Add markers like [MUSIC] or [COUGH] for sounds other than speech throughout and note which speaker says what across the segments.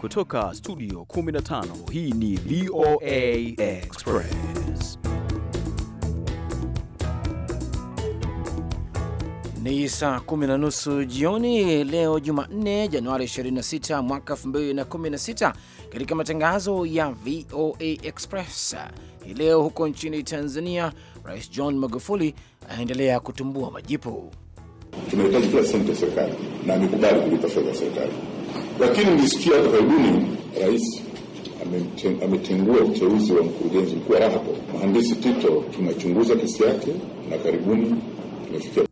Speaker 1: Kutoka studio 15 hii ni
Speaker 2: VOA Express. Ni saa kumi na nusu jioni leo Jumanne, Januari 26 mwaka 2016. Katika matangazo ya VOA Express hii leo, huko nchini Tanzania, Rais John Magufuli anaendelea kutumbua majipu.
Speaker 3: Tunahitaji kila senti ya serikali na amekubali kulipa fedha serikali lakini nilisikia karibuni rais ametengua uteuzi wa mkurugenzi mkuu wa Rahapo mhandisi Tito. Tunachunguza kesi yake na karibuni tunafikia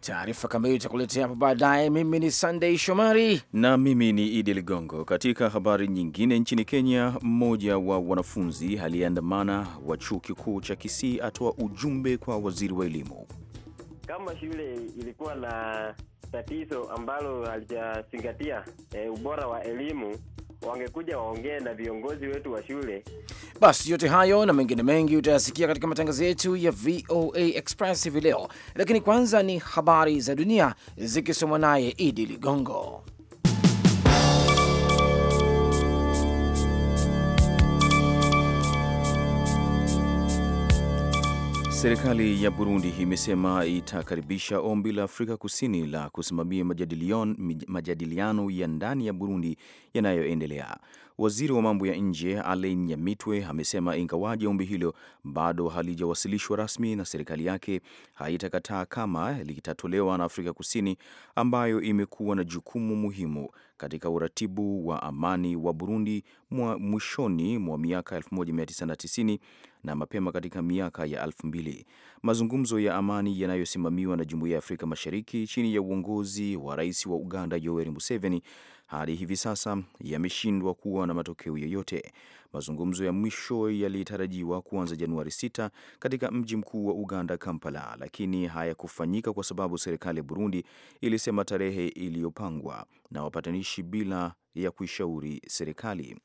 Speaker 2: taarifa kamili itakuletea hapo baadaye. Mimi ni sandey Shomari
Speaker 1: na mimi ni Idi Ligongo. Katika habari nyingine, nchini Kenya, mmoja wa wanafunzi aliyeandamana wa chuo kikuu cha Kisii atoa ujumbe kwa waziri wa elimu.
Speaker 4: Kama shule ilikuwa na tatizo ambalo halijazingatia e, ubora wa elimu, wangekuja waongee na viongozi wetu wa shule.
Speaker 2: Basi yote hayo na mengine mengi utayasikia katika matangazo yetu ya VOA Express hivi leo, lakini kwanza ni habari za dunia zikisomwa naye Idi Ligongo.
Speaker 1: Serikali ya Burundi imesema itakaribisha ombi la Afrika Kusini la kusimamia majadiliano ya ndani ya Burundi yanayoendelea. Waziri wa mambo ya nje Alain Nyamitwe amesema ingawaje ombi hilo bado halijawasilishwa rasmi na serikali yake, haitakataa kama litatolewa na Afrika Kusini ambayo imekuwa na jukumu muhimu katika uratibu wa amani wa Burundi mwa mwishoni mwa miaka 1990 na mapema katika miaka ya 2000. Mazungumzo ya amani yanayosimamiwa na Jumuiya ya Afrika Mashariki chini ya uongozi wa Rais wa Uganda Yoweri Museveni hadi hivi sasa yameshindwa kuwa na matokeo yoyote. Mazungumzo ya mwisho yalitarajiwa kuanza Januari 6 katika mji mkuu wa Uganda, Kampala, lakini hayakufanyika kwa sababu serikali ya Burundi ilisema tarehe iliyopangwa na wapatanishi bila ya kuishauri serikali.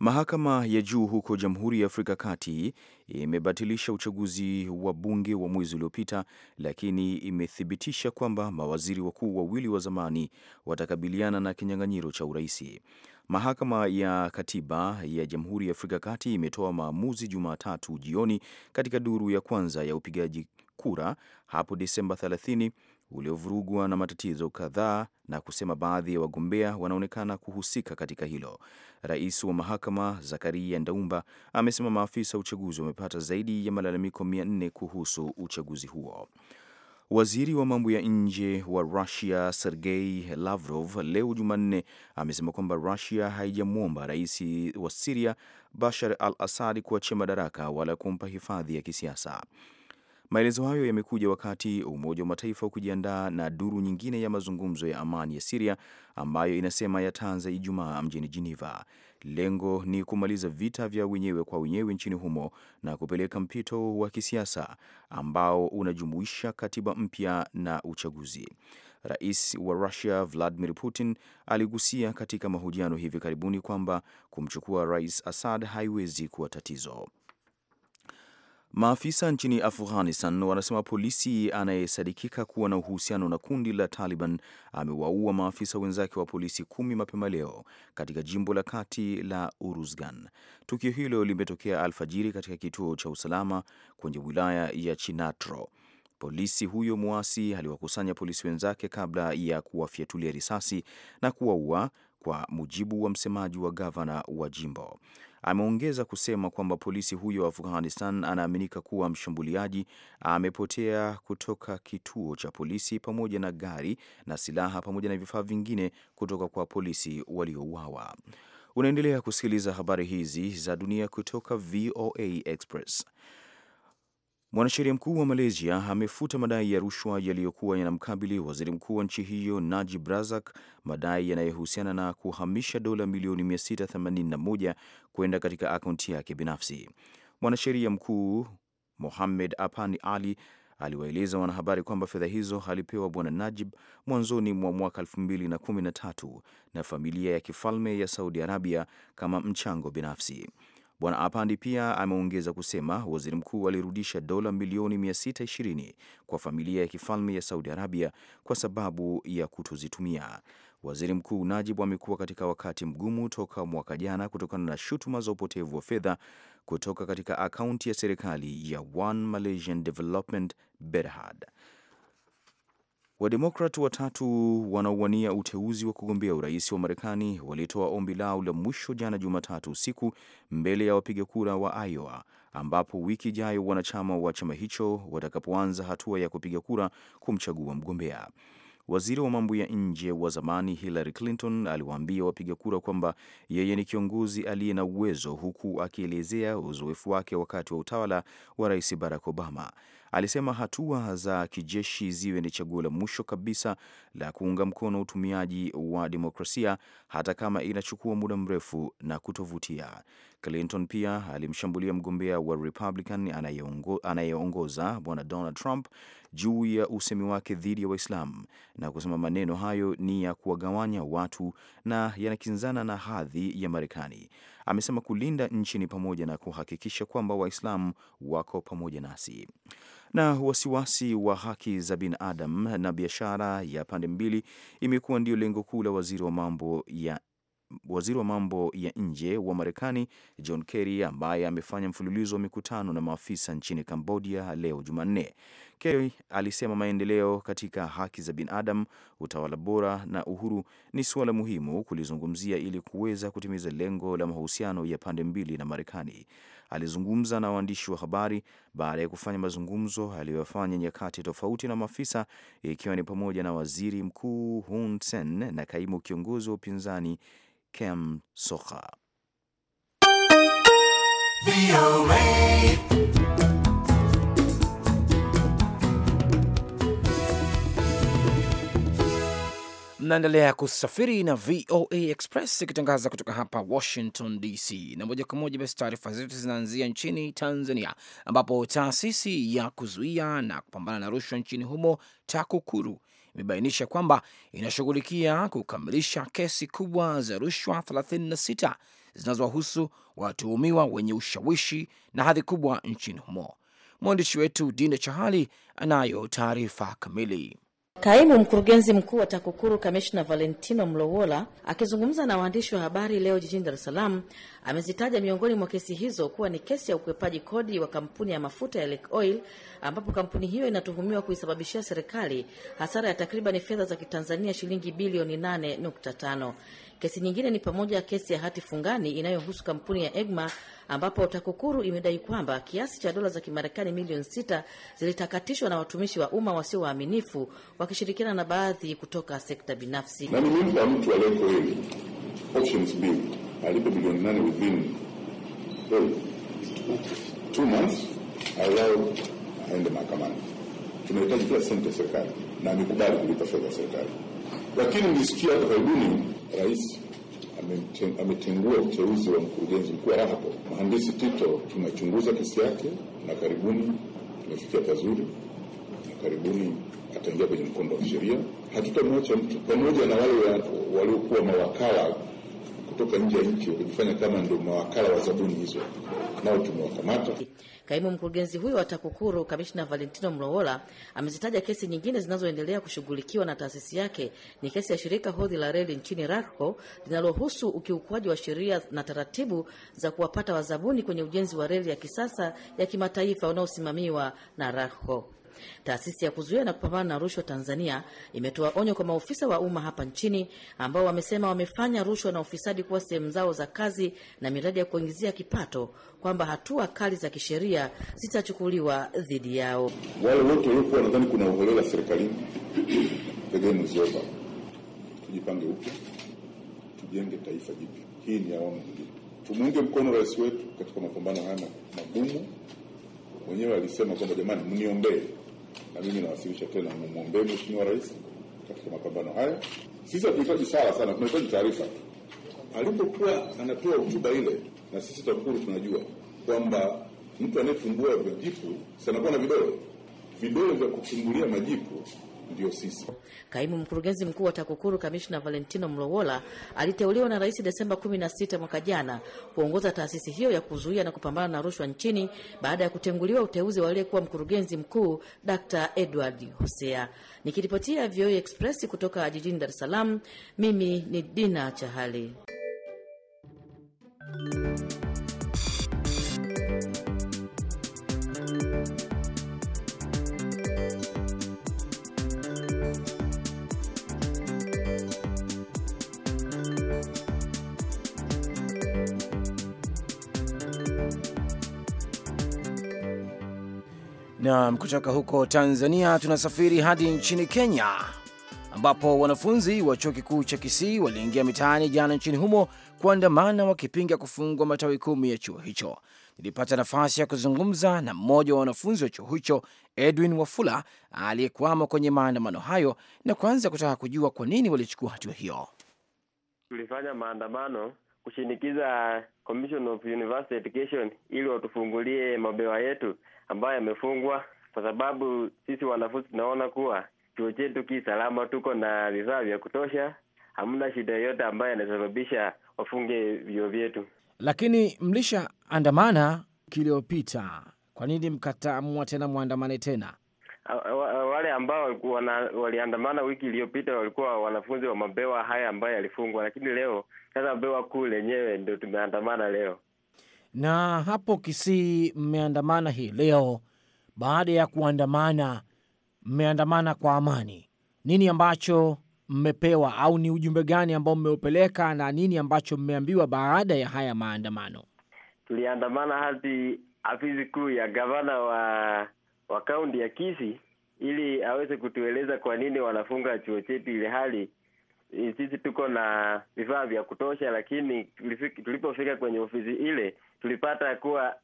Speaker 1: Mahakama ya juu huko Jamhuri ya Afrika Kati imebatilisha uchaguzi wa bunge wa mwezi uliopita, lakini imethibitisha kwamba mawaziri wakuu wawili wa zamani watakabiliana na kinyang'anyiro cha uraisi. Mahakama ya Katiba ya Jamhuri ya Afrika Kati imetoa maamuzi Jumatatu jioni katika duru ya kwanza ya upigaji kura hapo Desemba uliovurugwa na matatizo kadhaa na kusema baadhi ya wagombea wanaonekana kuhusika katika hilo. Rais wa mahakama Zakaria Ndaumba amesema maafisa uchaguzi wamepata zaidi ya malalamiko 400 kuhusu uchaguzi huo. Waziri wa mambo ya nje wa Rusia Sergei Lavrov leo Jumanne amesema kwamba Rusia haijamwomba rais wa Siria Bashar al Assad kuachia madaraka wala kumpa hifadhi ya kisiasa. Maelezo hayo yamekuja wakati Umoja wa Mataifa ukijiandaa na duru nyingine ya mazungumzo ya amani ya Siria ambayo inasema yataanza Ijumaa mjini Geneva. Lengo ni kumaliza vita vya wenyewe kwa wenyewe nchini humo na kupeleka mpito wa kisiasa ambao unajumuisha katiba mpya na uchaguzi. Rais wa Russia Vladimir Putin aligusia katika mahojiano hivi karibuni kwamba kumchukua Rais Assad haiwezi kuwa tatizo. Maafisa nchini Afghanistan wanasema polisi anayesadikika kuwa na uhusiano na kundi la Taliban amewaua maafisa wenzake wa polisi kumi mapema leo katika jimbo la kati la Uruzgan. Tukio hilo limetokea alfajiri katika kituo cha usalama kwenye wilaya ya Chinatro. Polisi huyo mwasi aliwakusanya polisi wenzake kabla ya kuwafyatulia risasi na kuwaua, kwa mujibu wa msemaji wa gavana wa jimbo. Ameongeza kusema kwamba polisi huyo wa Afghanistan anaaminika kuwa mshambuliaji amepotea kutoka kituo cha polisi pamoja na gari na silaha pamoja na vifaa vingine kutoka kwa polisi waliouawa. Unaendelea kusikiliza habari hizi za dunia kutoka VOA Express. Mwanasheria mkuu wa Malaysia amefuta madai ya rushwa yaliyokuwa yanamkabili waziri mkuu wa nchi hiyo Najib Razak, madai yanayohusiana na kuhamisha dola milioni 681 kwenda katika akaunti yake binafsi. Mwanasheria mkuu Mohamed Apani Ali aliwaeleza wanahabari kwamba fedha hizo alipewa Bwana Najib mwanzoni mwa mwaka 2013 na familia ya kifalme ya Saudi Arabia kama mchango binafsi. Bwana Apandi pia ameongeza kusema waziri mkuu alirudisha dola milioni 620 kwa familia ya kifalme ya Saudi Arabia kwa sababu ya kutozitumia. Waziri Mkuu Najib amekuwa katika wakati mgumu toka mwaka jana kutokana na shutuma za upotevu wa fedha kutoka katika akaunti ya serikali ya One Malaysian Development Berhad Wademokrat watatu wanaowania uteuzi wa kugombea urais wa Marekani walitoa ombi lao la mwisho jana Jumatatu usiku mbele ya wapiga kura wa Iowa, ambapo wiki ijayo wanachama wa chama hicho watakapoanza hatua ya kupiga kura kumchagua mgombea. Waziri wa mambo ya nje wa zamani Hillary Clinton aliwaambia wapiga kura kwamba yeye ni kiongozi aliye na uwezo, huku akielezea uzoefu wake wakati wa utawala wa Rais Barack Obama. Alisema hatua za kijeshi ziwe ni chaguo la mwisho kabisa la kuunga mkono utumiaji wa demokrasia hata kama inachukua muda mrefu na kutovutia. Clinton pia alimshambulia mgombea wa Republican anayeongoza Bwana Donald Trump juu ya usemi wake dhidi ya Waislamu na kusema maneno hayo ni ya kuwagawanya watu na yanakinzana na hadhi ya Marekani amesema kulinda nchi ni pamoja na kuhakikisha kwamba Waislamu wako pamoja nasi. Na wasiwasi wa haki za binadamu na biashara ya pande mbili imekuwa ndio lengo kuu la waziri wa mambo ya waziri wa mambo ya nje wa Marekani John Kerry ambaye amefanya mfululizo wa mikutano na maafisa nchini Cambodia leo Jumanne. Kerry alisema maendeleo katika haki za binadamu, utawala bora na uhuru ni suala muhimu kulizungumzia ili kuweza kutimiza lengo la mahusiano ya pande mbili na Marekani. Alizungumza na waandishi wa habari baada ya kufanya mazungumzo aliyofanya nyakati tofauti na maafisa, ikiwa ni pamoja na waziri mkuu Hun Sen na kaimu kiongozi wa upinzani Kem Sokha.
Speaker 2: Mnaendelea kusafiri na VOA Express ikitangaza kutoka hapa Washington DC, na moja kwa moja basi taarifa zetu zinaanzia nchini Tanzania, ambapo taasisi ya kuzuia na kupambana na rushwa nchini humo TAKUKURU imebainisha kwamba inashughulikia kukamilisha kesi kubwa za rushwa 36 zinazowahusu watuhumiwa wenye ushawishi na hadhi kubwa nchini humo. Mwandishi wetu Dina Chahali anayo taarifa kamili.
Speaker 5: Kaimu mkurugenzi mkuu wa TAKUKURU Kamishna Valentino Mlowola akizungumza na waandishi wa habari leo jijini Dar es Salaam amezitaja miongoni mwa kesi hizo kuwa ni kesi ya ukwepaji kodi wa kampuni ya mafuta ya Lake Oil ambapo kampuni hiyo inatuhumiwa kuisababishia serikali hasara ya takribani fedha za kitanzania shilingi bilioni 8.5. Kesi nyingine ni pamoja kesi ya hati fungani inayohusu kampuni ya EGMA ambapo TAKUKURU imedai kwamba kiasi cha dola za Kimarekani milioni sita zilitakatishwa na watumishi wa umma wasio waaminifu wakishirikiana na baadhi kutoka sekta binafsi. Na nimempa
Speaker 3: mtu aliyeko hivi options alipe bilioni nane within two months alau aende mahakamani. Tunahitaji kila senti ya serikali na amekubali kulipa fedha ya serikali. Lakini nilisikia karibuni rais ametengua uteuzi wa mkurugenzi mkuu wa Rahapo Mhandisi Tito. Tunachunguza kesi yake na karibuni tumefikia pazuri, na karibuni ataingia kwenye mkondo wa sheria. Hatutamwacha mtu, pamoja na wale waliokuwa mawakala kutoka nje ya nchi wakijifanya kama ndio mawakala wa zabuni hizo,
Speaker 5: nao tumewakamata. Kaimu mkurugenzi huyo wa TAKUKURU Kamishna Valentino Mlowola amezitaja kesi nyingine zinazoendelea kushughulikiwa na taasisi yake ni kesi ya shirika hodhi la reli nchini RACO linalohusu ukiukwaji wa sheria na taratibu za kuwapata wazabuni kwenye ujenzi wa reli ya kisasa ya kimataifa unaosimamiwa na RACO. Taasisi ya kuzuia na kupambana na rushwa Tanzania imetoa onyo kwa maofisa wa umma hapa nchini ambao wamesema wamefanya rushwa na ufisadi kuwa sehemu zao za kazi na miradi ya kuingizia kipato, kwamba hatua kali za kisheria zitachukuliwa dhidi yao.
Speaker 3: Wale wote waliokuwa nadhani kuna uholela serikalini, the Tujipange upya, tujenge taifa jipya. Hii ni awamu nyingine. Tumuunge mkono rais wetu katika mapambano haya magumu. Mwenyewe alisema kwamba jamani, mniombee na mimi nawasilisha tena, nimwombee Mheshimiwa Rais katika mapambano haya. Sisi hatuhitaji sala sana, tunahitaji taarifa. Alipokuwa anatoa hotuba ile, na sisi TAKUKURU tunajua kwamba mtu anayefungua majipu sanakuwa na vidole vidole vya kufungulia majipu
Speaker 5: ndio sisi. Kaimu mkurugenzi mkuu wa TAKUKURU Kamishna Valentino Mlowola aliteuliwa na Rais Desemba 16 mwaka jana kuongoza taasisi hiyo ya kuzuia na kupambana na rushwa nchini baada ya kutenguliwa uteuzi wa aliyekuwa mkurugenzi mkuu Dr. Edward Hosea. Nikiripotia VOA e Express kutoka jijini Dar es Salaam, mimi ni Dina Chahali.
Speaker 2: Na kutoka huko Tanzania tunasafiri hadi nchini Kenya ambapo wanafunzi wa chuo kikuu cha Kisii waliingia mitaani jana nchini humo kuandamana wakipinga kufungwa matawi kumi ya chuo hicho. Nilipata nafasi ya kuzungumza na mmoja wa wanafunzi wa chuo hicho Edwin Wafula aliyekwama kwenye maandamano hayo, na kwanza kutaka kujua kwa nini walichukua hatua hiyo.
Speaker 4: Tulifanya maandamano kushinikiza Commission of University Education ili watufungulie mabewa yetu ambayo yamefungwa, kwa sababu sisi wanafunzi tunaona kuwa chuo chetu ki salama, tuko na vifaa vya kutosha, hamna shida yoyote ambayo yanasababisha wafunge vyuo vyetu.
Speaker 2: Lakini mlisha andamana wiki kwa nini mkatamua tena mwandamane tena?
Speaker 4: Wale ambao waliandamana wiki iliyopita walikuwa wanafunzi wa mabewa haya ambayo yalifungwa, lakini leo sasa mabewa kuu lenyewe ndio tumeandamana leo.
Speaker 2: Na hapo Kisii mmeandamana hii leo, baada ya kuandamana, mmeandamana kwa amani. Nini ambacho mmepewa au ni ujumbe gani ambao mmeupeleka na nini ambacho mmeambiwa baada ya haya maandamano?
Speaker 4: Tuliandamana hadi afisi kuu ya gavana wa wa kaunti ya Kisii ili aweze kutueleza kwa nini wanafunga chuo chetu, ile hali eh, sisi tuko na vifaa vya kutosha, lakini tulipofika kwenye ofisi ile tulipata kuwa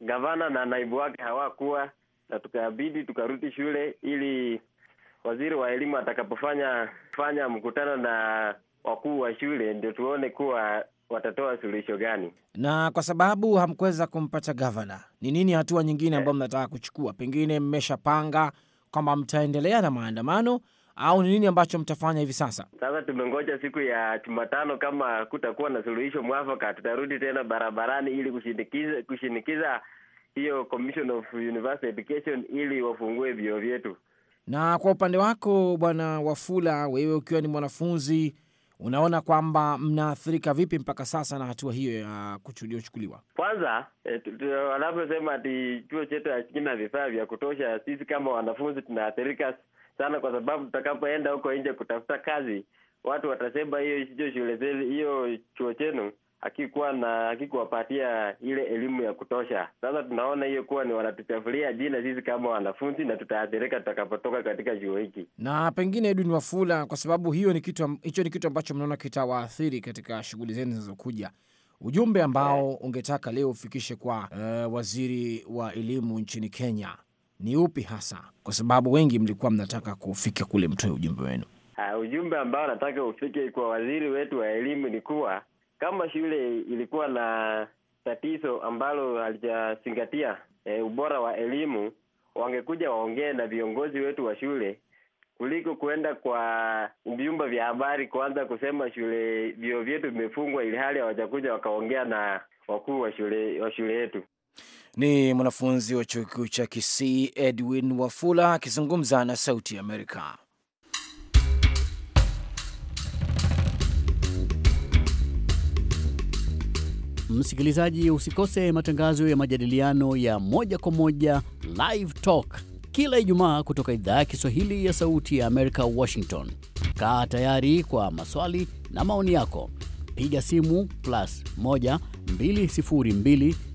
Speaker 4: gavana na naibu wake hawakuwa, na tukabidi tukarudi shule ili waziri wa elimu atakapofanya fanya mkutano na wakuu wa shule ndio tuone kuwa watatoa suluhisho gani.
Speaker 2: Na kwa sababu hamkuweza kumpata gavana, ni nini hatua nyingine ambayo mnataka kuchukua? Pengine mmeshapanga kwamba mtaendelea na maandamano au ni nini ambacho mtafanya hivi sasa?
Speaker 4: Sasa tumengoja siku ya Jumatano, kama kutakuwa na suluhisho mwafaka, tutarudi tena barabarani ili kushinikiza, kushinikiza hiyo Commission of University Education ili wafungue vyuo vyetu.
Speaker 2: Na kwa upande wako Bwana Wafula, wewe ukiwa ni mwanafunzi unaona kwamba mnaathirika vipi mpaka sasa na hatua hiyo ya kuchukuliwa?
Speaker 4: Kwanza e, wanavyosema ati chuo chetu hakina vifaa vya kutosha, sisi kama wanafunzi tunaathirika sana, kwa sababu tutakapoenda huko nje kutafuta kazi, watu watasema hiyo hiyo shule zenu, hiyo chuo chenu hakikuwa na hakikuwapatia ile elimu ya kutosha. Sasa tunaona hiyo kuwa ni wanatuchafulia jina sisi kama wanafunzi, na tutaathirika tutakapotoka katika chuo hiki.
Speaker 2: Na pengine Edwin Wafula, kwa sababu hiyo ni kitu hicho ni kitu ambacho mnaona kitawaathiri katika shughuli zenu zinazokuja, ujumbe ambao eh. ungetaka leo ufikishe kwa uh, waziri wa elimu nchini Kenya ni upi hasa, kwa sababu wengi mlikuwa mnataka kufika kule mtoe ujumbe wenu?
Speaker 4: Uh, ujumbe ambao nataka ufike kwa waziri wetu wa elimu ni kuwa kama shule ilikuwa na tatizo ambalo halijazingatia e, ubora wa elimu, wangekuja waongee na viongozi wetu wa shule kuliko kuenda kwa vyumba vya habari kuanza kusema shule vio vyetu vimefungwa, ili hali hawajakuja wakaongea na wakuu wa shule wa shule yetu.
Speaker 2: Ni mwanafunzi wa chuo kikuu cha Kisii Edwin Wafula akizungumza na Sauti ya Amerika.
Speaker 6: Msikilizaji, usikose matangazo ya majadiliano ya moja kwa moja Live Talk kila Ijumaa kutoka idhaa ya Kiswahili ya Sauti ya Amerika, Washington. Kaa tayari kwa maswali na maoni yako, piga simu plus 1 202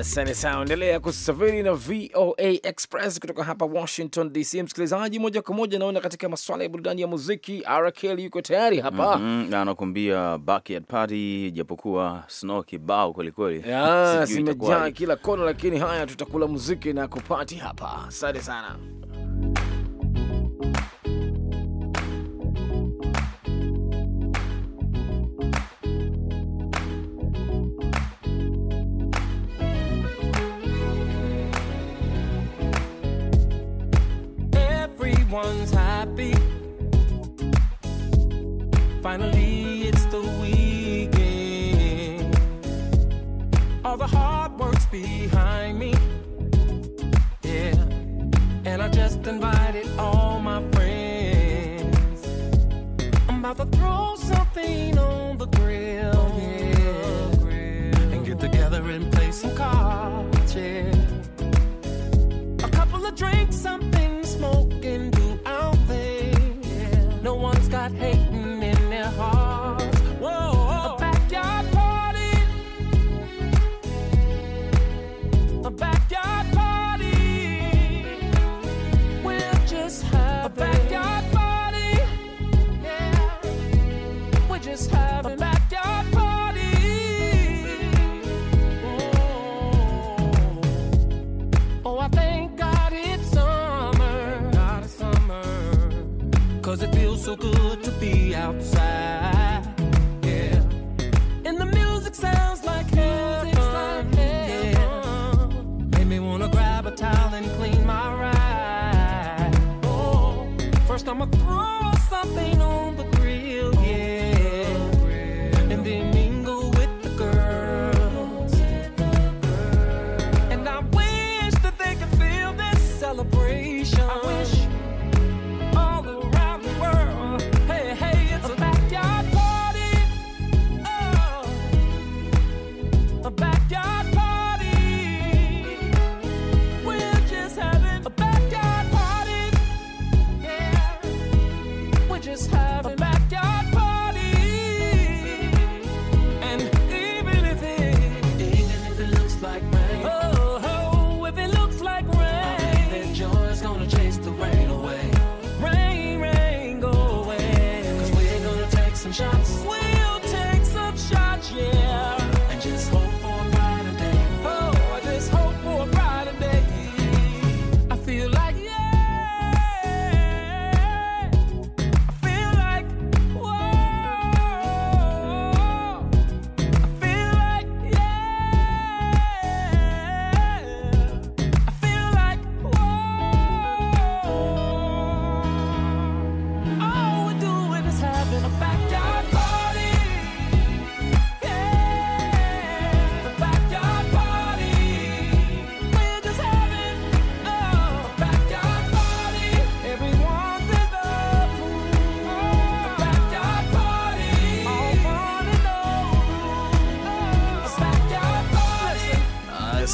Speaker 2: Asante sana, endelea kusafiri na VOA Express kutoka hapa Washington DC. Msikilizaji, moja kwa moja naona katika masuala ya burudani ya muziki, Arakel yuko tayari hapa
Speaker 1: mm -hmm. anakuambia backyard party, japokuwa snow kibao kwelikweli zimejaa [LAUGHS]
Speaker 2: kila kona, lakini haya, tutakula muziki na kupati hapa. Asante sana.
Speaker 7: everyone's happy. Finally, it's the weekend. All the hard work's behind.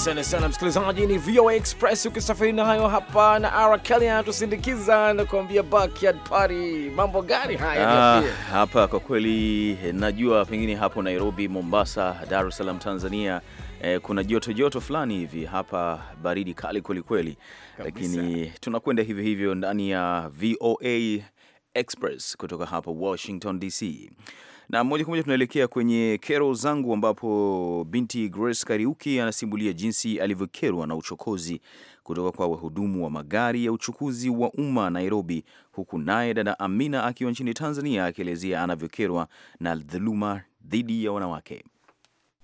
Speaker 2: Asante sana msikilizaji, ni VOA Express ukisafiri nayo hapa na Ara Kelly anatusindikiza na kuambia backyard party. Mambo gani haya ah,
Speaker 1: hapa kwa kweli najua pengine hapo Nairobi, Mombasa, Dar es Salaam, Tanzania eh, kuna joto joto fulani hivi, hapa baridi kali kwelikweli, lakini tunakwenda hivyo hivyo ndani ya VOA Express kutoka hapa Washington DC. Na moja kwa moja tunaelekea kwenye kero zangu, ambapo binti Grace Kariuki anasimulia jinsi alivyokerwa na uchokozi kutoka kwa wahudumu wa magari ya uchukuzi wa umma Nairobi, huku naye dada Amina akiwa nchini Tanzania akielezea anavyokerwa na dhuluma dhidi ya wanawake.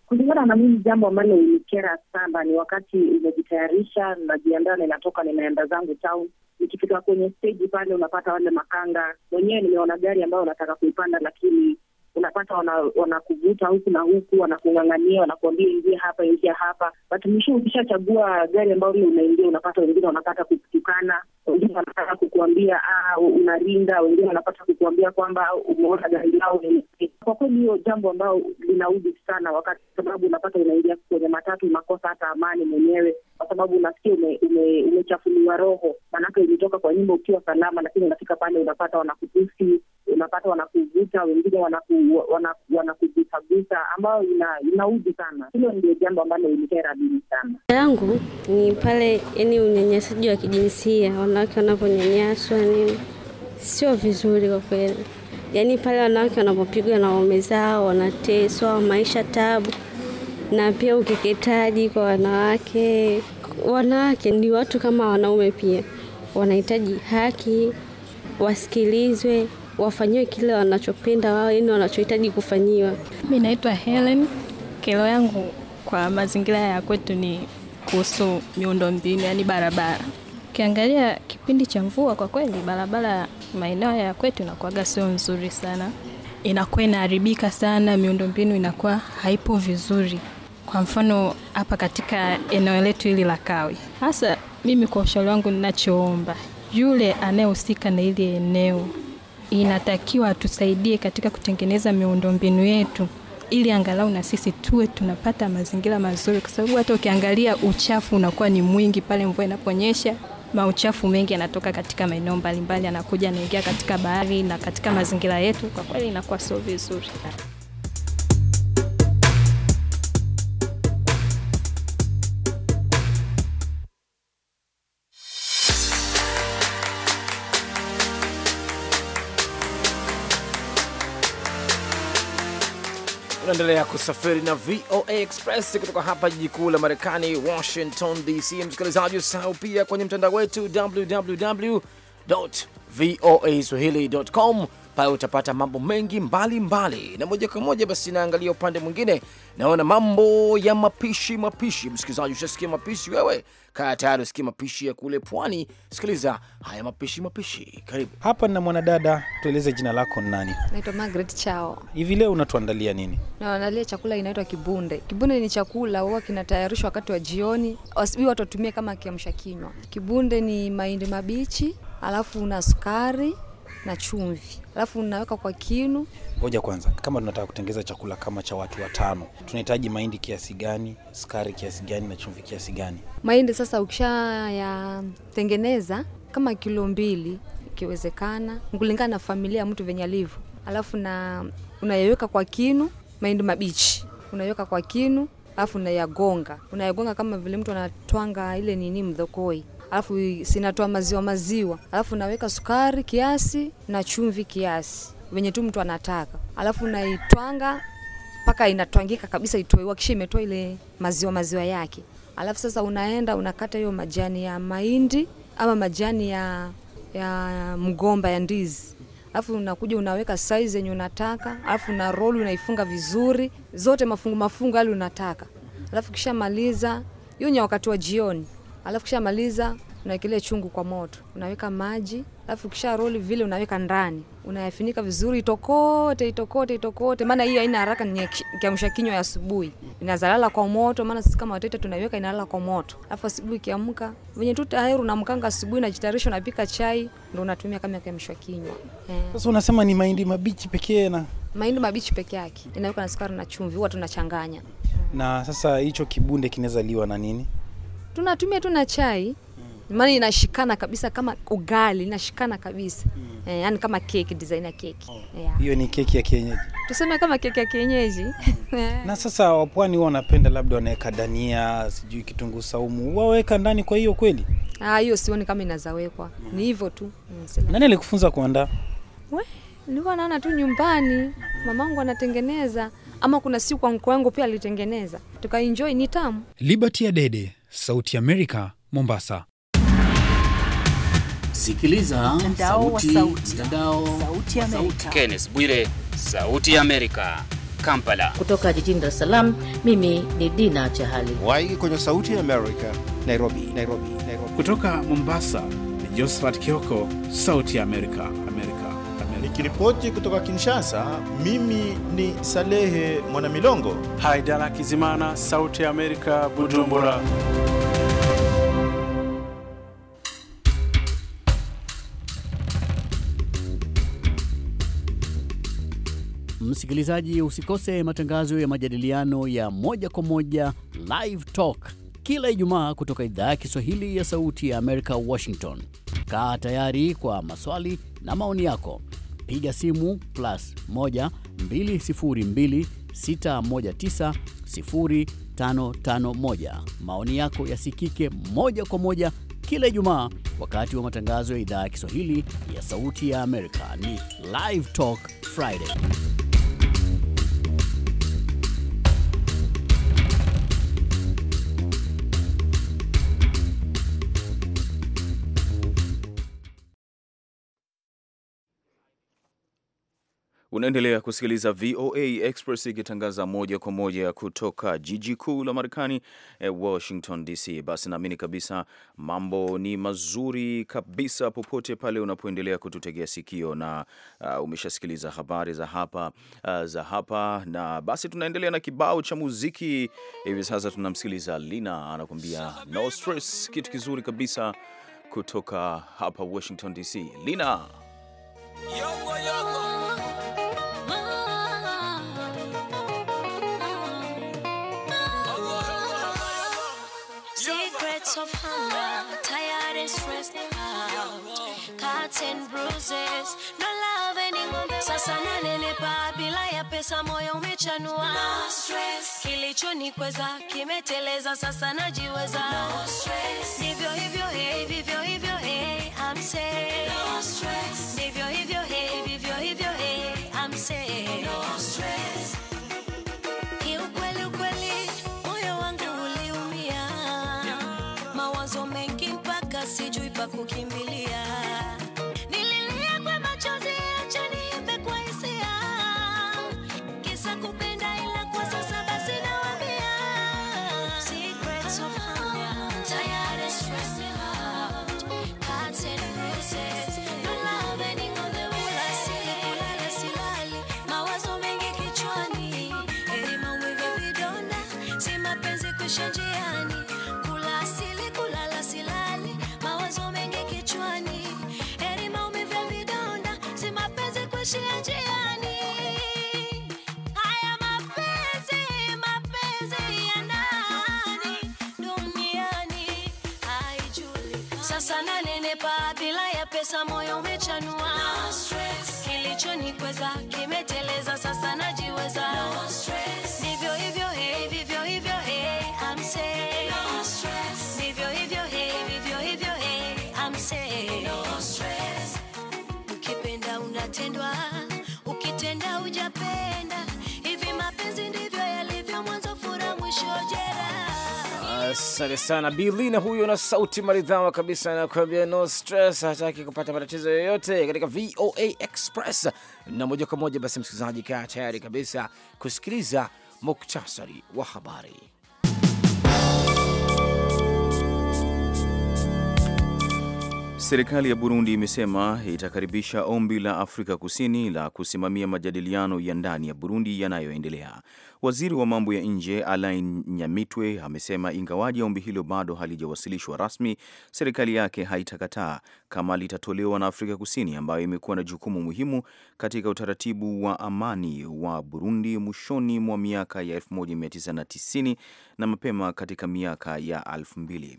Speaker 8: Kulingana na mimi,
Speaker 5: jambo ambalo ilikera sana ni wakati nimejitayarisha, ninajiandaa, ninatoka, ninaenda zangu town nikifika kwenye stage pale unapata wale makanga wenyewe. Nimeona gari ambayo unataka kuipanda, lakini unapata wanakuvuta wana huku na huku, wanakung'ang'ania, wanakuambia ingia hapa, ingia hapa. But mwisho ukishachagua gari ambalo unaingia, unapata wengine wanapata kukutukana, wengine wanapata kukuambia ah, unarinda, wengine wanapata kukuambia kwamba umeona gari lao. Kwa kweli hiyo jambo ambayo linaudhi sana, wakati sababu unapata unaingia kwenye matatu, unakosa hata amani mwenyewe, kwa sababu unasikia umechafuliwa ume, ume roho, maanake ulitoka kwa nyumba ukiwa salama, lakini unafika pale unapata wanakutusi unapata wanakuvuta, wengine wanakuvutagusa ambayo inaudhi sana. Hilo
Speaker 2: ndio jambo ambalo ulikera dini
Speaker 5: sana yangu ni pale, yani unyanyasaji wa kijinsia, wanawake wanavyonyanyaswa nini, sio vizuri kwa kweli. Yaani pale wanawake wanapopigwa na waume zao, wanateswa maisha tabu, na pia ukeketaji kwa wanawake. Wanawake ni watu kama wanaume pia, wanahitaji haki, wasikilizwe wafanyiwe kile wanachopenda wao, yani wanachohitaji kufanyiwa. Mi naitwa Helen. Kero yangu kwa mazingira ya kwetu ni kuhusu miundombinu, yani barabara. Ukiangalia kipindi cha mvua, kwa kweli barabara maeneo ya kwetu inakuwaga sio nzuri sana, inakuwa inaharibika sana, miundombinu inakuwa haipo vizuri. Kwa mfano hapa katika eneo letu hili la Kawi, hasa mimi kwa ushauri wangu ninachoomba yule anayehusika na hili eneo inatakiwa atusaidie katika kutengeneza miundombinu yetu ili angalau na sisi tuwe tunapata mazingira mazuri, kwa sababu hata ukiangalia uchafu unakuwa ni mwingi pale mvua inaponyesha. Mauchafu mengi yanatoka katika maeneo mbalimbali, anakuja anaingia katika bahari na katika mazingira yetu, kwa kweli inakuwa sio vizuri.
Speaker 2: Tunaendelea kusafiri na VOA Express kutoka hapa jiji kuu la Marekani, Washington DC. Msikilizaji, usahau pia kwenye mtandao wetu www voa swahili.com pale utapata mambo mengi mbalimbali mbali. Na moja kwa moja basi naangalia upande mwingine, naona mambo ya mapishi mapishi. Msikilizaji, ushasikia mapishi wewe? Kaya tayari usikie mapishi ya kule pwani. Sikiliza haya mapishi mapishi, karibu hapa. Na mwanadada, tueleze jina lako nani?
Speaker 8: Naitwa Margaret Chao.
Speaker 2: Hivi leo unatuandalia nini?
Speaker 8: Naandalia chakula inaitwa kibunde. Kibunde ni chakula huwa kinatayarishwa wakati wa jioni, wasibi watu watumie kama kiamsha kinywa. Kibunde ni mahindi mabichi, alafu una sukari na chumvi, alafu unaweka kwa kinu.
Speaker 2: Ngoja kwanza, kama tunataka kutengeza chakula kama cha watu watano, tunahitaji mahindi kiasi gani, sukari kiasi gani na chumvi kiasi gani?
Speaker 8: Mahindi sasa ukishayatengeneza kama kilo mbili ikiwezekana, kulingana na familia ya mtu venye alivyo, alafu na unayeweka kwa kinu. Mahindi mabichi unaweka kwa kinu, alafu unayagonga, unayagonga kama vile mtu anatwanga ile nini mdhokoi alafu sinatoa maziwa maziwa, alafu naweka sukari kiasi na chumvi kiasi venye tu mtu anataka, alafu naitwanga mpaka inatwangika kabisa, itoe wakisha imetoa ile maziwa maziwa yake. Alafu sasa unaenda unakata hiyo majani ya mahindi ama majani ya, ya mgomba ya ndizi alafu unakuja unaweka saizi yenye unataka, alafu na roli unaifunga vizuri zote mafungu mafungu hali unataka, alafu kishamaliza hiyo ni wakati wa jioni alafu kisha maliza unawekelea chungu kwa moto, unaweka maji, alafu kisha roli vile unaweka ndani, unayafinika vizuri, itokote itokote itokote, maana hiyo haina haraka, ni kiamsha kinywa ya asubuhi, inazalala kwa moto, maana sisi kama watoto tunaiweka inalala kwa moto, alafu asubuhi kiamka venye tu tayari unamkanga asubuhi, najitayarisha, unapika chai, ndo unatumia kama kiamsha kinywa. Eh.
Speaker 3: Sasa yeah. unasema ni mahindi mabichi pekee na
Speaker 8: mahindi mabichi peke yake inawekwa na sukari na chumvi, huwa tunachanganya.
Speaker 3: Na sasa
Speaker 2: hicho kibunde kinaweza liwa na nini?
Speaker 8: tunatumia tu na chai mm. maana inashikana kabisa kama ugali inashikana kabisa mm. E, eh, yani kama keki design ya keki oh. yeah.
Speaker 2: hiyo ni keki ya kienyeji
Speaker 8: tuseme kama keki ya kienyeji mm. [LAUGHS] na
Speaker 2: sasa wapwani huwa wanapenda labda wanaweka dania sijui kitunguu saumu waweka ndani kwa hiyo kweli
Speaker 8: ah hiyo sioni kama inazawekwa mm. ni hivyo tu
Speaker 2: mm, nani alikufunza kuandaa
Speaker 8: nilikuwa naona tu nyumbani hmm. mamangu anatengeneza ama kuna siku anko wangu pia alitengeneza tukaenjoy, ni tamu.
Speaker 2: Liberty ya Dede, Sauti Amerika, Mombasa.
Speaker 6: Sikiliza mtandao Bwire, Sauti ya Amerika. Kampala.
Speaker 5: Kutoka jijini dares es Salaam, mimi ni Dina
Speaker 6: Chahali. waigi kwenye Sauti ya Amerika, Nairobi, Nairobi, Nairobi. Kutoka Mombasa ni Josephat Kioko, Sauti ya Amerika, Amerika. Nikiripoti kutoka
Speaker 1: Kinshasa, mimi ni Salehe Mwanamilongo. haidala Kizimana, Sauti
Speaker 3: ya Amerika, Bujumbura.
Speaker 6: Msikilizaji, usikose matangazo ya majadiliano ya moja kwa moja Live Talk kila Ijumaa kutoka idhaa ya Kiswahili ya Sauti ya Amerika, Washington. Kaa tayari kwa maswali na maoni yako piga simu plus 1 202 619 0551. Maoni yako yasikike moja kwa moja kila Ijumaa wakati wa matangazo ya idhaa ya Kiswahili ya Sauti ya Amerika. Ni Live Talk Friday.
Speaker 1: Unaendelea kusikiliza VOA Express ikitangaza moja kwa moja kutoka jiji kuu la Marekani, eh, Washington DC. Basi naamini kabisa mambo ni mazuri kabisa popote pale unapoendelea kututegea sikio na uh, umeshasikiliza habari za hapa uh, za hapa na basi, tunaendelea na kibao cha muziki hivi sasa. Tunamsikiliza Lina anakuambia no stress, kitu kizuri kabisa kutoka hapa Washington DC. Lina yo, yo.
Speaker 9: cuts and bruises. No love any Sasa nanenepa bila ya pesa, moyo umechanua. No stress. Kilichonikweza kimeteleza, sasa najiweza. No stress. maisha njiani, kula asili, kulala silali, mawazo mengi kichwani, heri maumivu ya vidonda, si mapenzi kuishia njiani. Sasa nanenepa bila ya pesa, moyo umechanua kutendwa ukitenda ujapenda. Hivi mapenzi ndivyo yalivyo, mwanzo fura mwisho jera
Speaker 2: Asante sana Bilina huyo, na sauti maridhawa kabisa, anakuambia no stress, hataki kupata matatizo yoyote katika VOA Express. Na moja kwa moja basi, msikilizaji, kaa tayari kabisa kusikiliza muktasari wa habari.
Speaker 1: Serikali ya Burundi imesema itakaribisha ombi la Afrika Kusini la kusimamia majadiliano ya ndani ya Burundi yanayoendelea. Waziri wa mambo ya nje Alain Nyamitwe amesema ingawaji ombi hilo bado halijawasilishwa rasmi, serikali yake haitakataa kama litatolewa na Afrika Kusini, ambayo imekuwa na jukumu muhimu katika utaratibu wa amani wa Burundi mwishoni mwa miaka ya 1990 na mapema katika miaka ya 2000.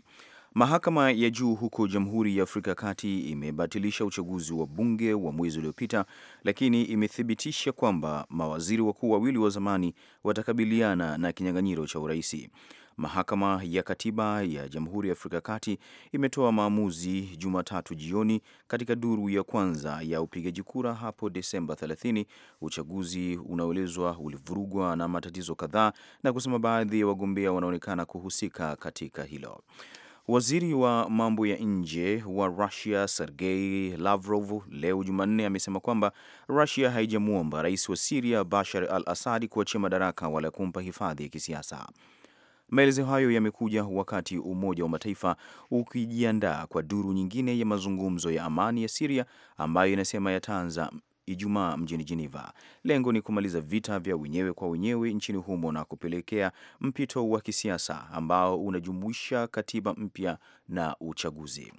Speaker 1: Mahakama ya juu huko Jamhuri ya Afrika ya Kati imebatilisha uchaguzi wa bunge wa mwezi uliopita, lakini imethibitisha kwamba mawaziri wakuu wawili wa zamani watakabiliana na kinyang'anyiro cha uraisi. Mahakama ya Katiba ya Jamhuri ya Afrika ya Kati imetoa maamuzi Jumatatu jioni katika duru ya kwanza ya upigaji kura hapo Desemba 30. Uchaguzi unaoelezwa ulivurugwa na matatizo kadhaa na kusema baadhi ya wagombea wanaonekana kuhusika katika hilo. Waziri wa mambo ya nje wa Rusia Sergei Lavrov leo Jumanne amesema kwamba Rusia haijamwomba rais wa Siria Bashar al asadi kuachia madaraka wala kumpa hifadhi ya kisiasa. Maelezo hayo yamekuja wakati Umoja wa Mataifa ukijiandaa kwa duru nyingine ya mazungumzo ya amani ya Siria ambayo inasema yataanza Ijumaa mjini Geneva. Lengo ni kumaliza vita vya wenyewe kwa wenyewe nchini humo na kupelekea mpito wa kisiasa ambao unajumuisha katiba mpya na uchaguzi.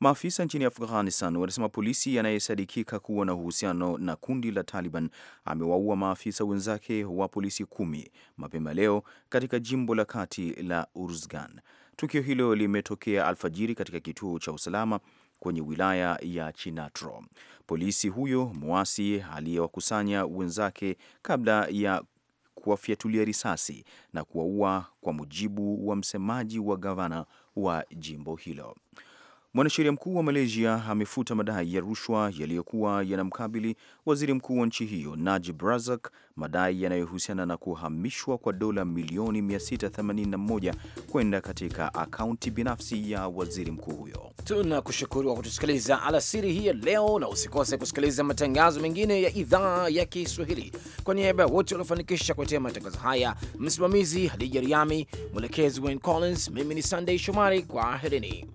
Speaker 1: Maafisa nchini Afghanistan wanasema polisi anayesadikika kuwa na uhusiano na kundi la Taliban amewaua maafisa wenzake wa polisi kumi mapema leo katika jimbo la kati la Uruzgan. Tukio hilo limetokea alfajiri katika kituo cha usalama kwenye wilaya ya Chinatro. Polisi huyo mwasi aliyewakusanya wenzake kabla ya kuwafyatulia risasi na kuwaua, kwa mujibu wa msemaji wa gavana wa jimbo hilo. Mwanasheria mkuu wa Malaysia amefuta madai ya rushwa yaliyokuwa yanamkabili waziri mkuu wa nchi hiyo Najib Razak, madai yanayohusiana na kuhamishwa kwa dola milioni 681 kwenda katika akaunti binafsi ya waziri mkuu huyo.
Speaker 2: Tunakushukuru kwa kutusikiliza alasiri hii ya leo, na usikose kusikiliza matangazo mengine ya idhaa ya Kiswahili. Kwa niaba ya wote waliofanikisha kuletea matangazo haya, msimamizi Hadija Riami, mwelekezi Wayne Collins, mimi ni Sandey Shomari, kwa herini